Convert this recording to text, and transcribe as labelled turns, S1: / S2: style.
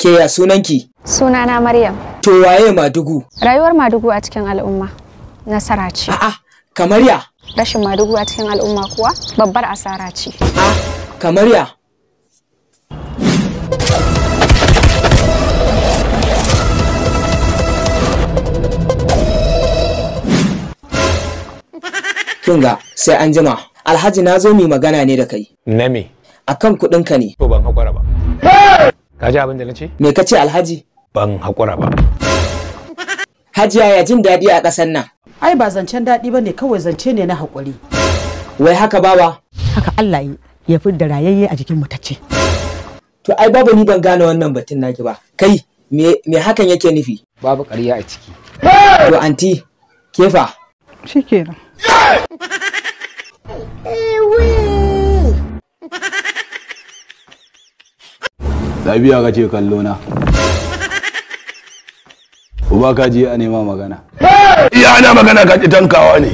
S1: Ke ya sunanki? Sunana Maryam. To waye Madugu? Rayuwar Madugu a cikin al'umma nasara ce. A'a, kamar ya? Rashin Madugu a cikin al'umma kuwa babbar asara ce. A'a, kamar ya? Kinga sai an jima. Alhaji na zo mai magana ne da kai. Na me? Akan kuɗinka ne. To ban haƙura ba. Ka ji abin da na ce? Me ka ce Alhaji? Ban haƙura ba. Hajiya ya jin daɗi a ƙasar nan. Ai ba zancen daɗi ba ne kawai zance ne na haƙuri. Wai haka bawa? Haka Allah ya fi da rayayye a jikin mutacce. To ai babu ni ban gane wannan batun naki ba. Kai me hakan yake nufi? Babu ƙarya a ciki. To anti kefa. Shikenan.
S2: lafiya ka ce kallo
S1: na uba ka je a nema magana
S2: iya ana magana
S1: ka ki tankawa ne